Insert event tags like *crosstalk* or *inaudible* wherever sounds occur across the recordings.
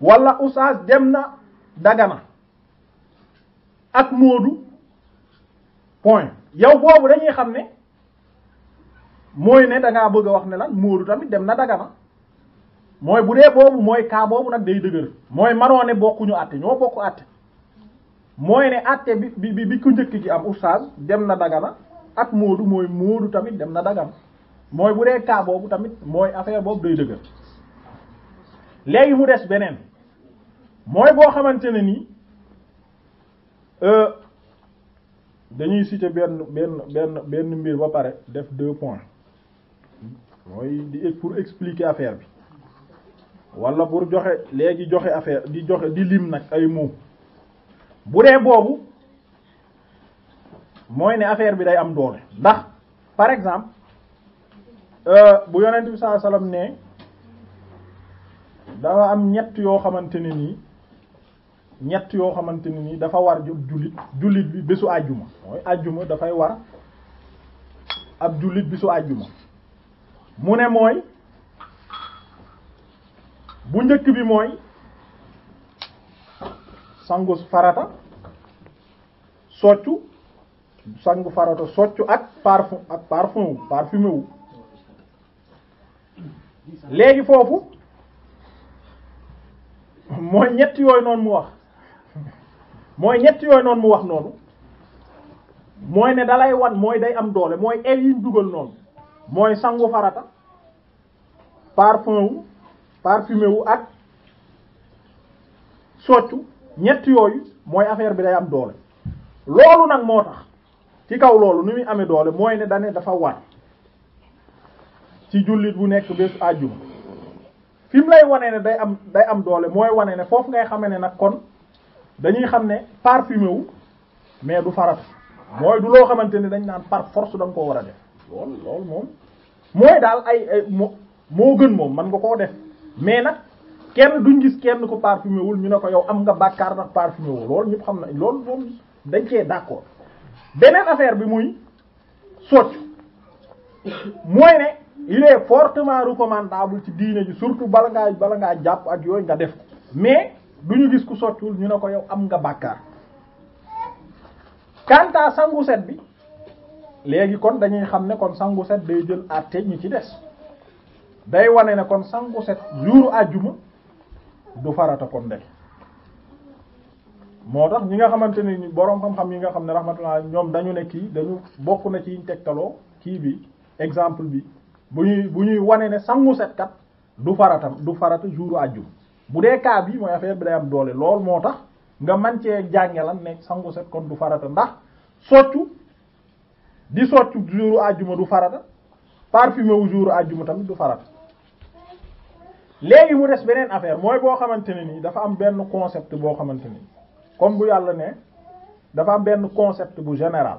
wala oustaz dem na Dagana ak Moodu point yow boobu dañuy xam ne mooy ne da bëgg a wax ne lan Moodu tamit dem na Dagana mooy bu dee boobu mooy cas boobu nag day dëgër mooy manoo ne bokkuñu àtte ñoo bokk àtte mooy ne àtte bi bi bi ku njëkk ci am oustaz dem na Dagana ak Moodu mooy Moodu tamit dem na Dagana mooy bu dee cas boobu tamit mooy affaire boobu day dëgër léegi mu des beneen moy bo xamante ni euh dañuy cité ben ben ben ben mbir ba pare def deux points moy di pour expliquer affaire bi wala pour joxe léegi joxe affaire di joxe di lim nak ay mots boudé bobu moy né affaire bi day am doole ndax par exemple euh, bu yonent bi sallallahu alayhi wasallam ne am ñett yo xamanteni ni ñett yoo xamante ne ni dafa war ju jullit jullit bi bésu àjjuma mooy àjjuma dafay war ak jullit bésu àjjuma mu ne mooy bu njëkk bi mooy sangu farata soccu sangu farata soccu ak parfum ak parfum wu parfumé wu léegi foofu mooy ñett yooyu noonu mu wax mooy ñett yooyu noonu mu wax noonu mooy ne dalay wan mooy day am doole mooy el yiñ dugal noonu mooy sangu farata parfum wu wu ak soccu ñett yooyu mooy affaire bi day am doole loolu nag moo tax ci kaw loolu nu muy amee doole mooy ne dane dafa wan ci jullit bu nekk bés àjjuma fi mu lay wane ne day am day am doole mooy wane ne foofu ngay xame ne nag kon dañuy xam ne parfumé wu mais du farata mooy du loo xamante ni dañ naan par force da nga koo war a def lool lool moom mooy daal ay ay moo moo gën moom man nga koo def mais nag kenn duñ gis kenn ko parfumé wul ñu ne ko yow am nga bàkkaar ndax parfumé wu loolu ñëpp xam na loolu moom dañ cee d'accord beneen affaire bi muy socc mooy ne il est fortement recommandable ci diine ji surtout bala ngaa bala ngaa jàpp ak yooyu nga def ko mais du ñu gis ku sottiwul ñu ne ko yow am nga bàkkaar kanta sangu set bi léegi kon dañuy xam ne kon sangu set day jël àtte ñi ci des day wane ne kon sangu set jouru àjjuma du farata kon ndek moo tax ñi nga xamante ni boroom xam-xam yi nga xam ne rahmatullah ñoom dañu ne kii dañu bokk na ci tegtaloo kii bi exemple bi bu ñuy bu ñuy wane ne sangu set kat du farata du farata jouru àjjuma bu dee cas bi mooy affaire bi day am doole lool moo tax nga man cee jànge lan ne sangu set kon du farata ndax soccu di soccu jour àjjuma du farata parfumé wu jour àjjuma tamit du farata léegi mu des beneen affaire mooy boo xamante ne nii dafa am benn concept boo xamante ni comme bu yàlla ne dafa am benn concept bu général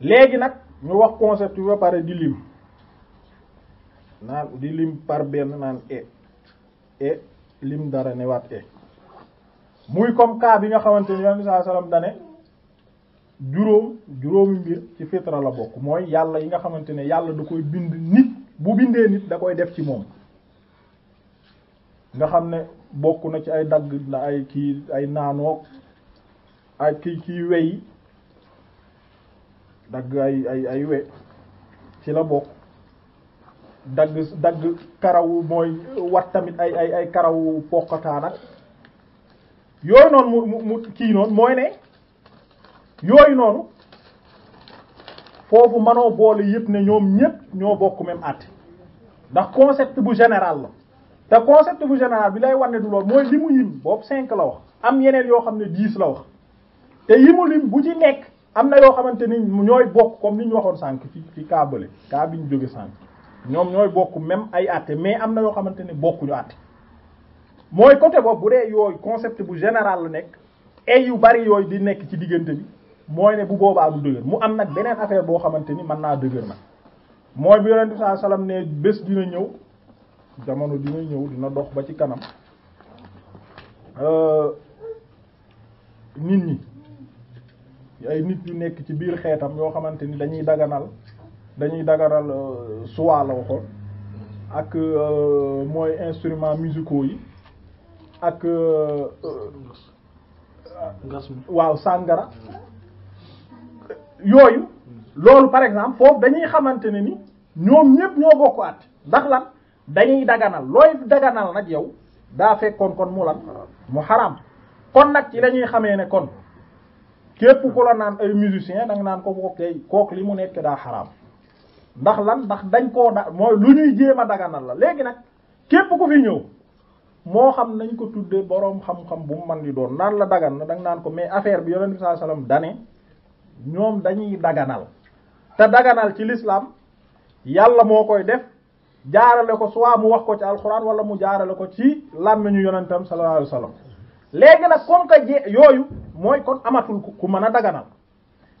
léegi nag ñu wax concept bu ba pare di lim naan di lim par benn naan e e lim dara ne waat e muy comme cas bi nga xamante ni yonent bi sallallahu alayhi dane juróom juróomi mbir ci fitra la bokk mooy yàlla yi nga xamante ne yàlla du koy bind nit bu bindee nit da koy def ci moom nga xam ne bokk na ci ay dagg la ay kii ay naanoog ay kii kii wey dagg ay ay ay we ci la bokk dagg dagg karawu mooy wat tamit ay ay ay karawu poqataan ak yooyu noonu mu mu mu kii noonu mooy ne yooyu noonu foofu mënoo boole yëpp ne ñoom ñëpp ñoo bokk même at ndax concept bu général la te concept bu général bi lay wane du loolu mooy li mu yim boobu cinq la wax am yeneen yoo xam ne dix la wax te yi mu lim bu ci nekk am na yoo xamante ni ñooy bokk comme ni ñu waxoon sànq ci ci kaa bële ñu jóge sànq. ñoom ñoy bokku même ay àtte mais amna na xamanteni bokku ñu bokkuñu moy côté bob bu dee yooyu concept bu général lu nekk ay yu bari yoy di nekk ci digënté bi moy né bu boobaa du dëgër mu am nak benen affaire bo xamanteni man na naa dëgër moy bi sallallahu alayhi wasallam ne bés dina ñëw jamono dina ñëw dina dox ba ci kanam euh nit ñi ay nit yu nekk ci biir xétam yo xamanteni dañuy daganal dañuy dagaral soa euh, la waxoon ak euh, moy instrument musicaux yi ak euh, waaw sangara yoyu lolou par exemple fof dañuy xamante ni ñom ñep ñoo bokku at ndax lan dañuy daganal loy daganal nak yow da fe kon mu lan mu haram kon nak ci lañuy xamé né kon képp ko la nane ay da nga nane ko li mu nekk da haram ndax lan ndax dañ koo da mooy lu ñuy jéem a daganal la léegi nag képp ku fi ñëw moo xam nañ ko tuddee boroom xam-xam bu mu man di doon naan la dagan na danga naan ko mais affaire bi yonent bi sallallahu dane ñoom dañuy daganal te daganal ci lislaam yàlla moo koy def jaarale ko soit mu wax ko ci alxuraan wala mu jaarale ko ci làmmiñu yonentam sallallahu alayhi wasallam léegi nag comme que je yooyu mooy kon amatul ku mën a daganal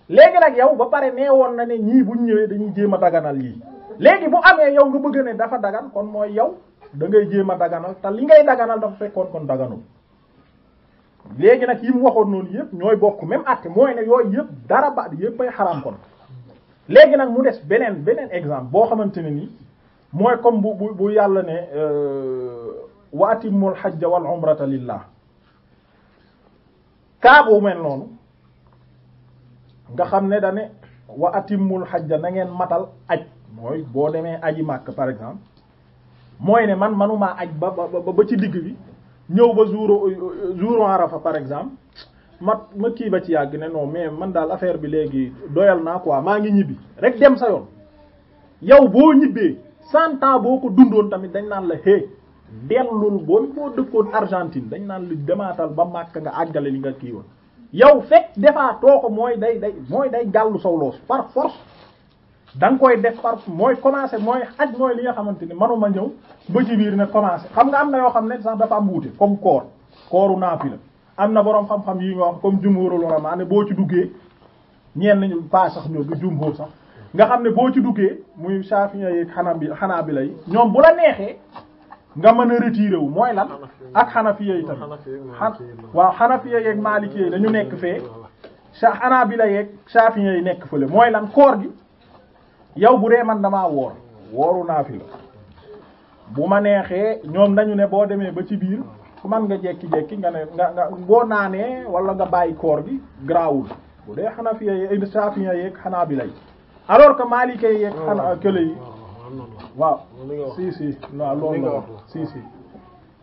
léegi nag yow ba pare nee woon na ne ñii buñ ñëwee dañuy jéem a daganal yi léegi bu amee yow nga bëgg ne dafa dagan kon mooy yow da ngay jéem a daganal te li ngay daganal dafa fekkoon kon daganul léegi nag yi mu waxoon noonu yëpp ñooy bokk même àtte mooy ne yooyu yëpp dara ba yëpp ay xaraam kon léegi nag mu des beneen beneen exemple boo xamante ne nii mooy comme bu bu bu yàlla ne euh, wa atimmul hajja wal umrata lillah kaabu mel noonu nga xam ne dane wa atimul xajja na ngeen matal aj mooy boo demee aji màkk par exemple mooy ne man manuma aj ba ba ba ci digg bi ñëw ba jour jour arafa par exemple ma ma kii ba ci yàgg ne no mais man daal affaire bi léegi doyal naa quoi maa ngi ñibbi rek dem sa yoon yow boo ñibbee cent boo ko dundoon tamit dañ naan la hé dellul boo boo dëkkoon Argentine dañ naan li demaatal ba màkk nga àggale li nga kii woon yow fekk defaatoo ko mooy day day mooy day gàllu sow loos par force da koy def par mooy commencer mooy aj mooy li nga xamante ni manuma ñëw ba ci biir ne commencer xam nga am na yoo xam ne sax dafa am wuute comme koor kooru naafi la am na boroom xam-xam yi nga wax comme jumhurul ulama ne boo ci duggee ñeen nañu pas sax ñoo sax nga xam ne boo ci duggee muy Shafi'i yi xanaa bi xanaa bi lay ñoom bu la neexee nga mën a retiré wu mooy lan ak xanafiya yi tamit waaw xanafiya yeeg maalikiya yi dañu nekk fee sa xanaabila yeeg saafiya yi nekk fële mooy lan koor gi yow bu dee man damaa woor wooru naa fi la bu ma neexee ñoom dañu ne boo demee ba ci biir ku man nga jekki-jekki nga ne nga nga boo naanee wala nga bàyyi koor gi grawul bu dee xanafiya yeeg saafiya yeeg xanaabila yi alors que maalikiya yeeg xana kële yi waaw si si waaw loolu la si si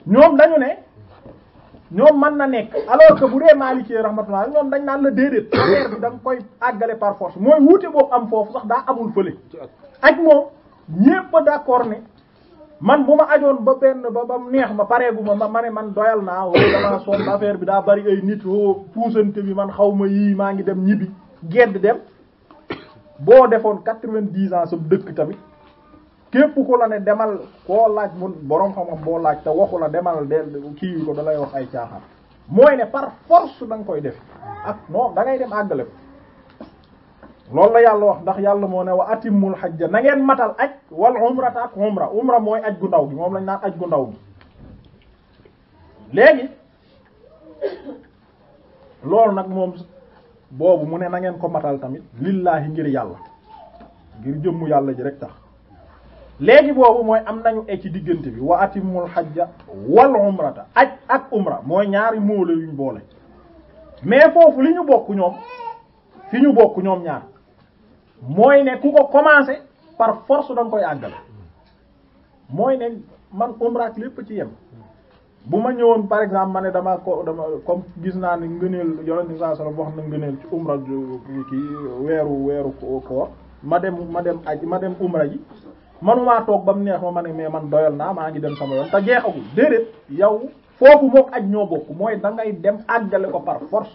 ñoom dañu ne ñoom mën na nekk alors que bu dee Maalikee rahmatullah ñoom dañ naan la déedéet *coughs* affaire bi da koy àggale par force mooy wuute boobu am foofu sax daa amul fële ak moom ñépp d'accord ne man bu ma ajoon ba benn ba ba neex ma pareegu ma ma ma ne man doyal naa wala damaa sonn *coughs* affaire bi daa bari ay nit o oh, puusante bi man xaw ma yii maa ngi dem ñibbi gedd dem *coughs* boo defoon quatre-vingt-dix ans sa dëkk tamit képp ko la ne demal ko laaj mu borom xam-xam bo laaj te waxu la demal del ki ko da wax ay moy ne par force dang koy def ak non da ngay dem agale ko la yalla wax ndax yalla mo ne wa atimul hajj na ngeen matal aj wal umrata ak umra umra moy aj gu ndaw gi mom lañ nane aj gu ndaw legi léegi nak mom bobu mu ne na ngeen ko matal tamit lillahi ngir yalla ngir jëmmu yalla ji rek tax legi bobu moy am nañu e ci digënté bi wa atimul wal umrata aj ak umra moy ñaari móole yuñ boole mais fofu liñu ñu bokk ñoom fi bokk ñaar moy ne kuko ko commencé par force dang koy agal moy ne man umra ak lepp ci yem buma par exemple mané dama ko dama comme gis na ni ngeenel yonent bi sallallahu wax na ngeenel ci umra ki wéru weeru ko ma dem ma dem aji ma dem umra ji manumaa toog ba mu neex ma ma ne mais man doyal naa maa ngi dem sama yoon te jeexagul déedéet yow foofu mook aj ñoo bokk mooy dangay ngay dem àggale ko par force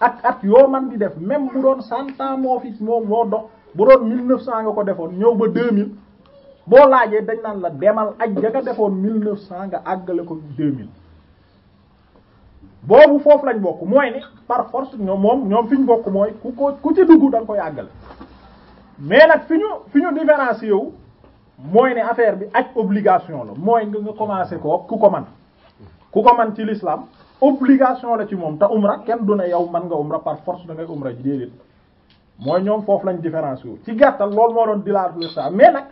ak at yoo man di def même bu doon cent ans moo fi moo moo dox bu doon mille neuf cent nga ko defoon ñëw ba deux mille boo laajee dañ naan la demal aj ja defoon mille neuf cent nga àggale ko deux mille boobu foofu lañ bokk mooy ni par force ñoom moom ñoom fi ñu bokk mooy ku ko ku ci dugg danga koy àggale mais nag fi ñu fi ñu différencier yow mooy ne affaire bi ak obligation la mooy nga nga commencé koo ku ko man ku ko man ci l'islam obligation la ci moom te umra kenn du ne yow man nga umra par force da ngay umra ji déedéet mooy ñoom foofu lañu différencier yow ci gàttal loolu moo doon dilaat l'islam mais nag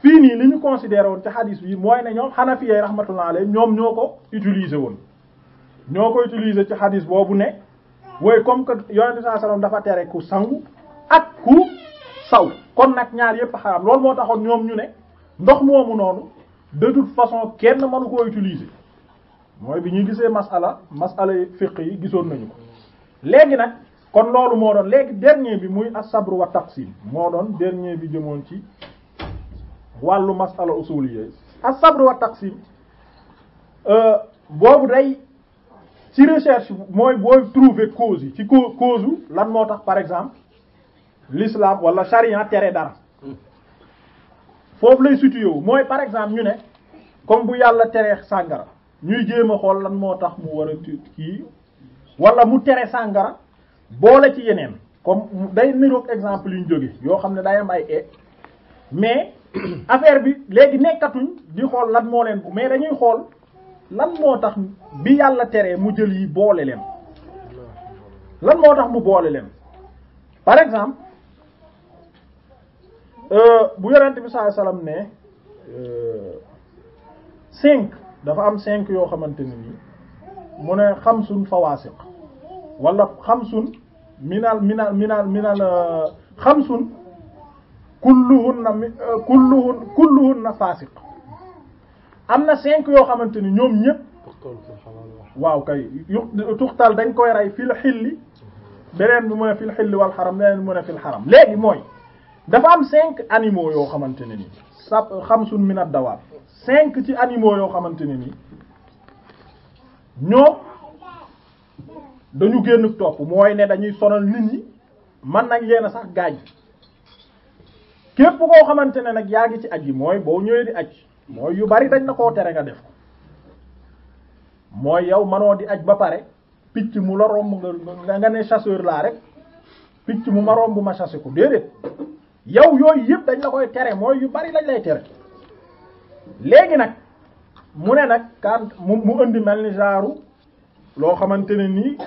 fii nii li ñu considéré woon ci hadis bi mooy ne ñoom Hanafiyya rahmatullah alayhi ñoom ñoo ko utiliser woon ñoo ko utiliser ci hadis boobu ne wooy comme que yonente saa sallam dafa tere ku sangu ak ku saw kon nak ñaar yépp xaraam lool mo taxone ñom ñu ne ndox momu noonu de toute façon kenn mënu ko utiliser moy masala masala de yi nañu ko kon doon dernier bi muy as-sabr wa taqsim doon dernier euh, bi ci masala usuliyya as-sabr wa taqsim bobu day ci recherche moy boy trouver cause cause lan par exemple l'islam wala charia tere dara foofu lay situé moy par exemple ñu ne comme bu yalla téré sangara ñuy lan mu a wala mu sangara bo ci comme day exemple ñu day am ay e-, mais *clears throat* affaire bi légui di xol lan mo len mais dañuy xol lan motax bi yalla téré mu jël yi lan motax par exemple bu yaronte bi sallam ne euh 5 dafa am 5 yo xamanteni ni nii mu ne xamsun fawaasiq wala khamsun minal minal minal minal khamsun kulluhunna kulluhun kulluhunna faasiq am na cinq yoo ñépp waaw kay tuxtal dañ koy ray fil hilli benen bi mu fil hilli wal haram benen bi fil haram legi moy dafa am 5 animaux yo xamante ni sa xamsun min ad dawab 5 ci animaux yo xamante ni ñoo dañu genn top moy ne dañuy sonal nit ñi man nañ leena sax gaaj kepp ko xamante nak yaagi ci aji moy bo ñewé di aj moy yu bari dañ na koo tere nga def ko mooy yow mano di aj ba paré picc mu la romb nga nga né chasseur la rek picc mu ma romb ma chassé ko yow yooyu yëpp dañ la koy tere mooy yu bari lañ lay tere léegi nag mu ne nag kan mu mu indi mel ni loo xamante ne nii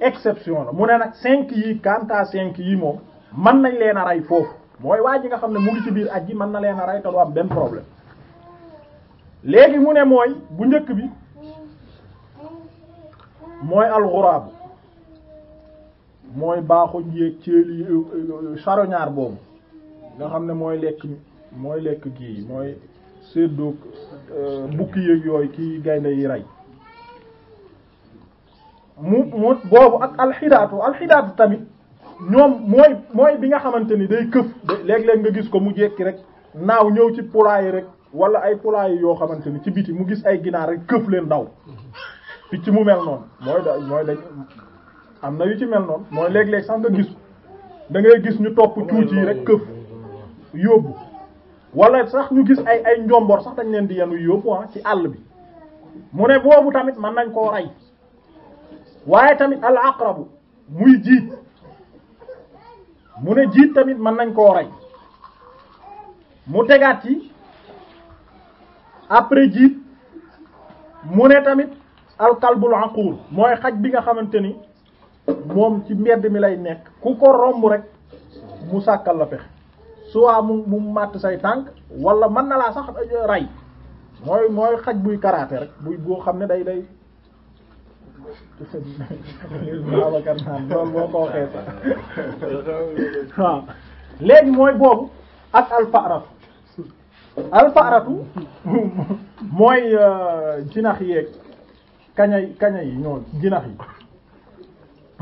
exception la mu ne nag cinq yi quant à cinq yi moom mën nañ leen a rey foofu mooy waa ji nga xam ne mu ngi ci biir ak ji mën na leen a rey te am benn problème léegi mu ne mooy bu njëkk bi mooy alxuraabu mooy baaxuñ yéeg ceeli euh, euh, charognard boobu nga xam ne mooy lekk mooy lekk kii mooy séddoog euh, bukki yëg yooyu kii gaynde yi rey mu mu boobu ak alxidaatu alxidaatu tamit ñoom mooy mooy bi nga xamante ni day këf léeg-léeg nga gis ko mu jekki rek naaw ñëw ci poulailler rek wala ay poulailler yoo xamante ni ci biti mu gis ay ginaar rek këf leen daw ci mu mel noonu mooy da mooy dañ am na yu ci mel noonu mooy léeg-léeg sax nga gis da gis ñu topp cuuc yi rek këf yobu wala sax ñu gis ay ay njomboor sax dañ leen di yanu yóbbu ah ci all bi mu ne bobu tamit man nañ ko ray waye tamit al aqrab muy jiit mu ne jiit tamit man nañ ko ray? mu tegaati après jiit mu ne tamit al al aquur moy xaj bi nga xamanteni mom ci mbedd mi lay nek ku ko rombu rek mu sakal la fex soit mu mu màtt say tànk wala mën na laa sax euh, rey mooy mooy xaj buy karaate rek buy boo xam ne day day Babacar naan loolu boo ko mooy boobu ak alfaaratu mooy euh, jinax yeeg kaña kaña yi ñoo jinax yi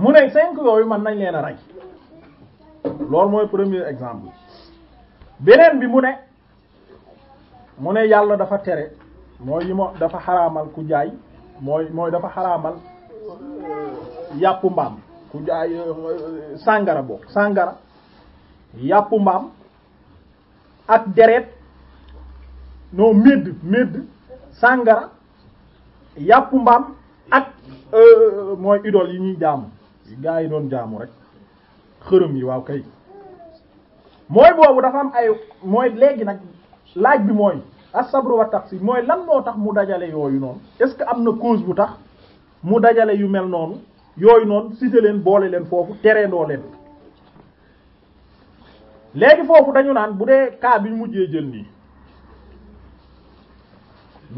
mu ne cinq yooyu mën nañ leen a rey loolu mooy premier exemple beneen bi mu ne mu ne yàlla dafa tere mooy yi ma dafa xaraamal ku jaay mooy mooy dafa xaraamal yàppu mbaam ku jaay euh, sàngara bokk sàngara yàppu mbaam ak deret non médd médd sàngara yàppu mbaam ak euh, mooy idole yi ñuy jaamu gaa yi doon jaamu rek xërëm yi waaw kay mooy boobu dafa am ay mooy léegi nag laaj bi mooy as-sabr wa mooy lan moo tax mu dajale yooyu noonu est-ce que am na cause bu tax mu dajale yu mel noonu yooyu noonu cité leen boole leen foofu tereendoo leen léegi foofu dañu naan bu dee cas bi mujjee jël nii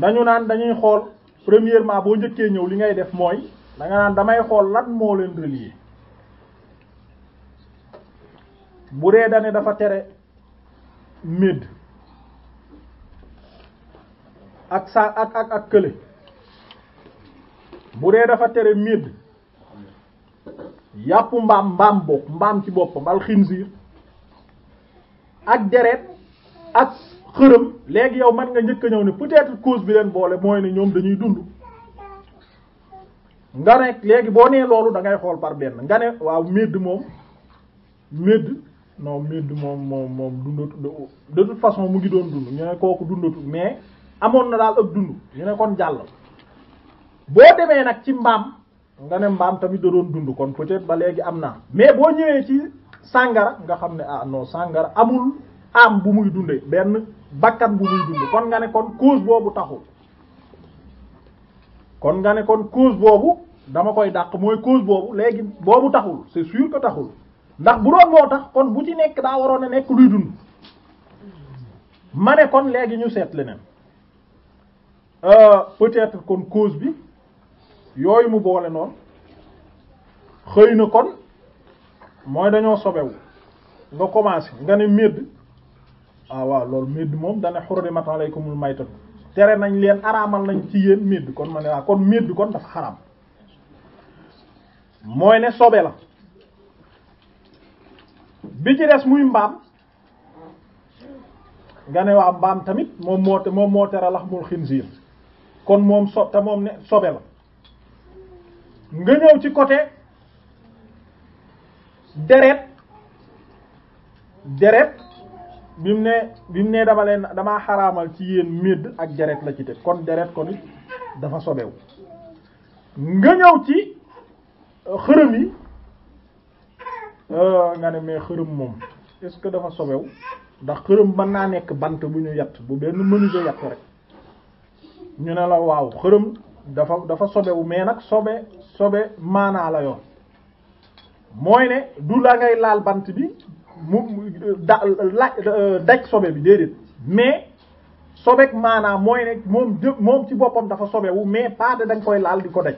dañu naan dañuy xool premièrement boo njëkkee ñëw li ngay def mooy danga naan damay xool lan moo leen relier bu dee dane dafa tere médd ak sa ak ak ak kële bu dee dafa tere médd yàppu mbaam mbaam bopp mbaam ci boppam alxinsiir ak deret ak xërëm léegi yow man nga njëkka ñëw ne peut-être cause bi leen boole mooy ne ñoom dañuy dund nga nekk léegi boo nee loolu da ngay xool par benn nga ne waaw médd moom médd non Mbir moom moom moom dundatul de toute façon mu ngi doon dund ñu ne kooku dundatul mais amoon na daal ak dund ñu ne kon jàll. boo demee nag ci mbaam nga ne mbaam tamit da doon dund kon peut-être ba léegi am naa mais boo ñëwee ci sàngara nga xam ne ah noo sàngara amul am bu muy dundee benn bakkan bu muy dund kon nga ne kon cause boobu taxul. kon nga ne kon cause boobu dama koy dàq mooy cause boobu léegi boobu taxul c'est sûr que taxul. ndax bu doon moo tax kon bu ci nekk daa waroon a nekk luy dund ma ne kon léegi ñu seet leneen euh, peut-être kon cause bi yooyu mu boole noonu xëy na kon mooy dañoo sobewu nga commencé nga ne médd ah waaw loolu médd moom dana hurrimat alaykumul maytat tere nañ leen araamal nañ ci yéen médd kon ma ne waaw ah, kon médd kon dafa xaram mooy ne sobe la bi ci des muy mbaam nga ne waa mbaam tamit moom moo moom moo tere laxmul xinziir kon moom so te moom ne sobe la nga ñëw ci côté deret deret bi mu ne bi ne dama leen damaa xaraamal ci yéen médd ak deret la ci teg kon deret kon it dafa sobewu nga ci xërëm yi Ah, nga ne mais xërëm moom est-ce que dafa sobew ndax xërëm mën naa nekk bant bu ñu yat bu benn menuisier yatt rek ñu ne la waaw xërëm dafa dafa sobewu mais nag sobe sobe maanaa la yoon mooy du la ngay laal bant bi mu da laaj sobe bi déedéet mais sobeek maanaam mooy ne moom moom ci boppam dafa sobewu mais pas dañ koy laal di ko daj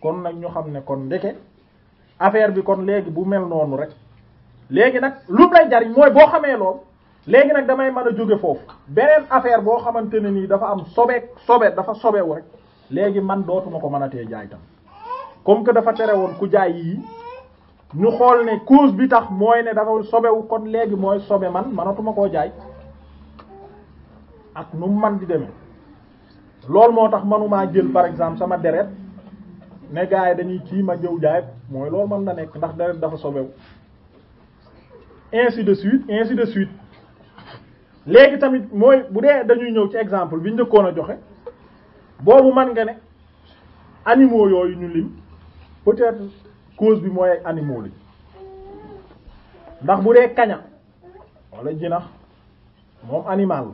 kon nag ñu xam ne kon ndeke affaire bi kon léegi bu mel noonu rek léegi nag lu lay jariñ mooy boo xamee lool léegi nag damay mën a jóge foofu beneen affaire boo xamante ne nii dafa am sobe sobe dafa sobewu rek léegi man dootuma ko mën a tee jaay tam comme que dafa tere woon ku jaay yii ñu xool ne cause bi tax mooy ne dafa sobewu kon léegi mooy sobe man manatuma koo jaay ak nu man di deme loolu moo tax manumaa jël par exemple sama deret ne gaay dañuy kii ma jëw jaay moy loolu mën da nek ndax deret dafa sobewu ainsi de suite ainsi de suite légui tamit moy bu dañuy ñëw ci exemple biñu njëkkoon a joxé bobu man nga né animaux yooyu ñu lim peut-être cause bi moy animaux li ndax bu kaña wala jinax moom animal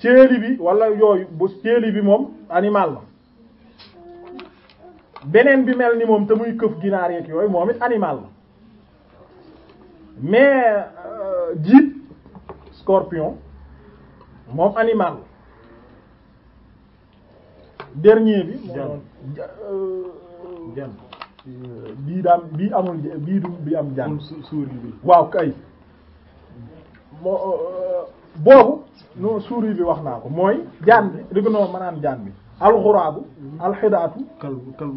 céeli bi walla yooyu bu céeli bi moom animal la beneen bi mel ni moom te muy këf ginaar yeeg yooyu moom it animal la mais euh, jiit scorpion moom animal la dernier bi euh, bii daam bii amul bii du bi am jan suur bi waaw kay euh, bobu no suuri bi wax naa ko mooy jaan bi dëgg noo mënaan jaan bi alxuraabu alxidaatu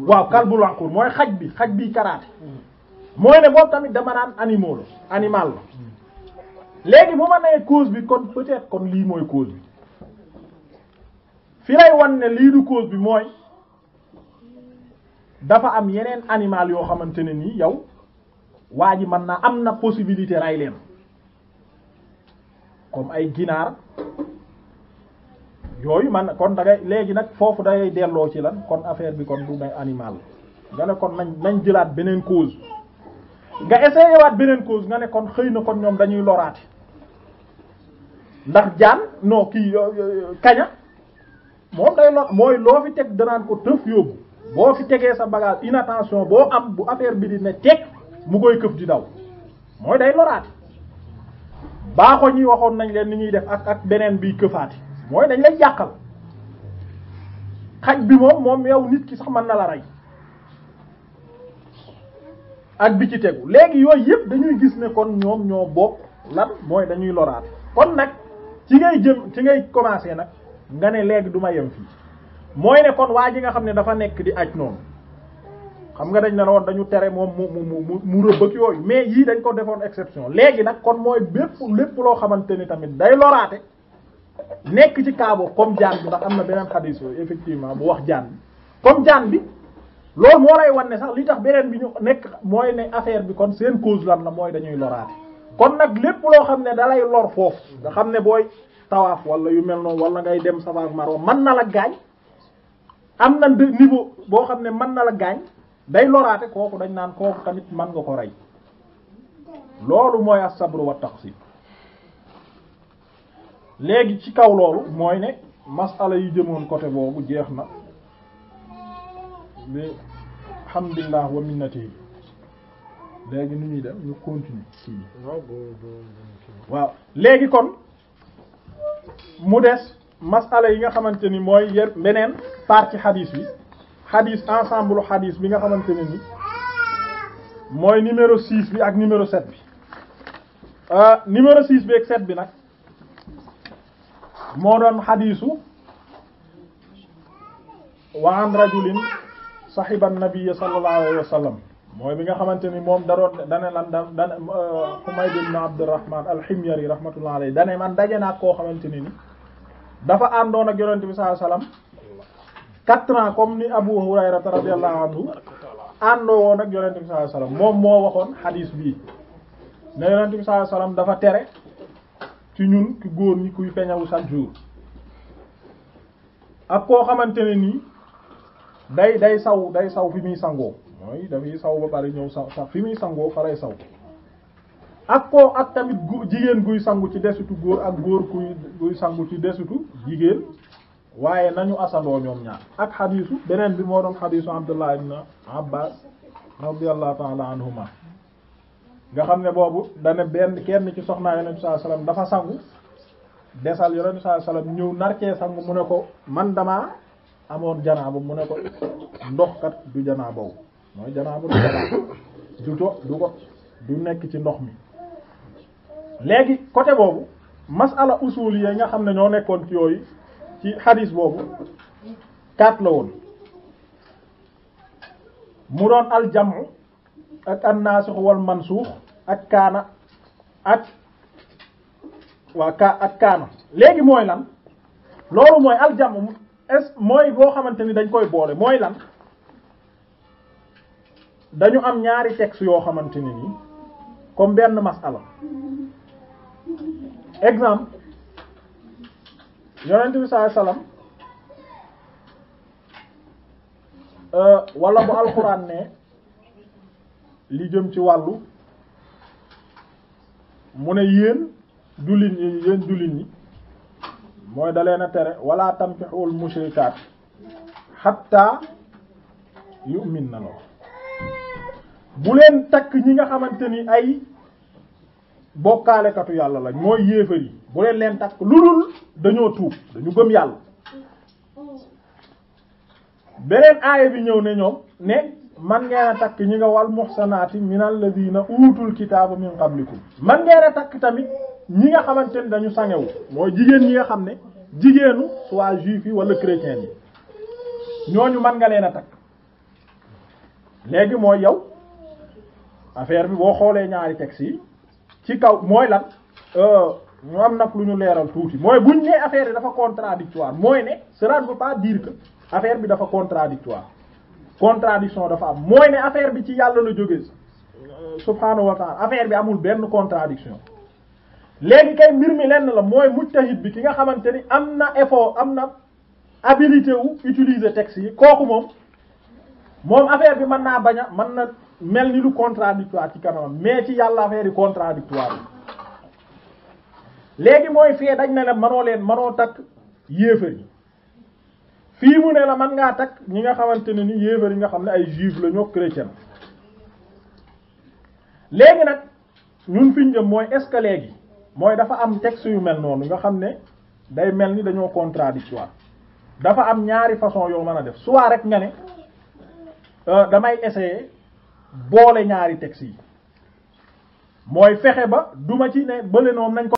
waaw kalbul aqur mooy xaj bi xaj bi karaate moy ne boobu tamit dama nan animal animal legui buma ne cause bi kon peut-être kon li moy cause bi fi lay wonne li du cause bi moy dafa am yenen animal yo xamantene ni yow waji man na naa am na possibilité ray len comme ay ginaar yooyu man kon da léegi nag foofu dangay delloo ci lan kon affaire bi kon du ne animal nga ne kon nañ nañ jëlaat beneen cause nga essayé beneen cause nga ne kon xëy na kon ñoom dañuy loraate ndax jaan non kii kaña moom day lor mooy loo fi teg danaan ko tëf yóbbu boo fi tegee sa bagage inattention boo am bu affaire bi di ne teg mu koy këf di daw mooy day loraate baaxoo ñi waxoon nañ leen ni ñuy def ak ak beneen biy këfaati mooy dañ lay yàqal xaj bi moom moom yow nit ki sax mën na la rey ak bi ci tegu léegi yooyu yëpp dañuy gis ne kon ñoom ñoo bokk lan mooy dañuy loraat kon nag ci ngay jëm ci ngay commencer nag nga ne léegi du ma yem fii mooy ne kon waa ji nga xam ne dafa nekk di aj noonu xam nga dañ ne woon dañu tere moom mu mu mu mu rëbbëg yooyu mais yii dañ ko defoon exception léegi nag kon mooy bépp lépp loo xamante ni tamit day loraate nekk ci kaabo comme jaan bi ndax am na beneen xadis yooyu effectivement bu wax jaan bi comme jaan bi loolu moo lay wan ne sax li tax beneen bi ñu nekk mooy ne affaire bi kon seen cause lan la mooy dañuy loraate kon nag lépp loo xam ne dalay lor foofu nga xam ne booy tawaaf wala yu mel noonu wala ngay dem Safa ak Marwa na la gaañ am na niveau boo xam ne mën na la gaañ day lorate koku dañ nan koku tamit man nga ko ray lolou moy asabru wa taqsim legi ci kaw lolou moy ne masala yu jëmoon côté bobu jeexna na alhamdullah wa minnati legi nu ñuy dem ñu continue ci waaw kon mu dess masala yi nga xamanteni moy yer benen partie hadith hadith ensemble hadith bi nga xamanteni ni moy numéro 6 bi ak numéro 7 bi euh, numéro 6 bi ak 7 bi nak mo don hadithu wa an rajulin sahiba an-nabiy sallallahu alayhi wa sallam moy bi nga xamanteni mom daro daroon dane lan dan euh, Humayd ibn Abdurrahman al-Himyari rahmatullahi alayhi dane man dajena ko xamanteni ni dafa àndoon ak yonent bi sallallahu alayhi wa sallam 4 ans comme ni Abu Hurayra radhiyallahu anhu ando won ak yonent sallallahu alayhi wasallam mom mo waxoon hadith bi na yonent sallallahu alayhi wasallam dafa téré ci ñun ki goor ñi kuy feñawu sa jour ak ko xamantene ni day day saw day saw fi mi sango moy da dafay saw ba bari ñew saw sax fi mi sango fa lay saw ak ko ak tamit jigen guy sangu ci dessutu goor ak goor kuy guy sangu ci dessutu jigen waaye nañu asandoo ñoom ñaar ak xadiisu beneen bi moo doon xadiisu Abdullah ibn Abbas radiyallahu ta'ala anhuma nga xam ne boobu dane benn kenn ci soxna yonent bi sallallahu alayhi wasallam dafa sangu desal yonent sa sallallahu alayhi wasallam ñëw narkee sangu mu ne ko man damaa amoon janaaba mu ne ko ndox kat du janaaba wu mooy janaaba du janaaba du to du ko du nekk ci ndox mi léegi côté boobu masala usul yi nga xam ne ñoo nekkoon ci yooyu ci xadis boobu quatre la woon mu doon aljamu ak annaasix wal mansuux ak kaana ak waa kaa ak kaana léegi mooy lan loolu mooy aljamu est mooy boo xamante ni dañ koy boole mooy lan dañu am ñaari texte yoo xamante ni nii comme benn masala exemple yonent bi sallallahu alayhi wasallam euh, wala bu alxuraan ne li jëm ci wàllu mu ne yéen jullit ñi yéen jullit ñi mooy da leen a tere wala tampixul mushrikaat xatta min na lool bu leen takk ñi nga xamante ni ay bokkaalekatu yàlla lañ mooy yéefar bu leen leen takk lu dul dañoo tuub dañu gëm yàlla beneen aaya bi ñëw ne ñoom ne man ngeen a takk ñi nga wal muhsanaati min alladhina utul kitaaba min qablikum man ngeen a takk tamit ñi nga xamante ni dañu sangewu mooy jigéen ñi nga xam ne jigéenu soit juif yi wala chrétien yi ñooñu man nga leen a takk léegi mooy yow affaire bi boo xoolee ñaari textes yi ci kaw mooy lan euh, ñu am nak lu ñu leeral tuuti mooy buñ nee affaire yi dafa contradictoire moy ne cela ne veut pas dire que affaire bi dafa contradictoire contradiction dafa am moy né affaire bi ci yalla la jóge subhanahu wa ta'ala affaire bi amul ben contradiction léegi kay mbir mi lenn la moy mujtahid bi ki nga xamanteni amna effort amna habilité wu utiliser texte yi kooku mom mom affaire bi mën naa bañ a na lu contradictoire ci kanam mais ci yalla affaire contradictoire léegi mooy fee dañ na la manoo leen manoo takk yéefar yi fii mu ne la man ngaa takk ñi nga xamante ni ni yéefar yi nga xam ne ay juif la ñoo chrétien léegi nag ñun fi ñu jëm mooy est-ce que léegi mooy dafa am texte yu mel noonu nga xam ne day mel ni dañoo contradictoire dafa am ñaari façon yoo mën a def soit rek nga ne euh, damay essayer boole ñaari texte yi mooy fexe ba duma ci ne bële noonu nañ ko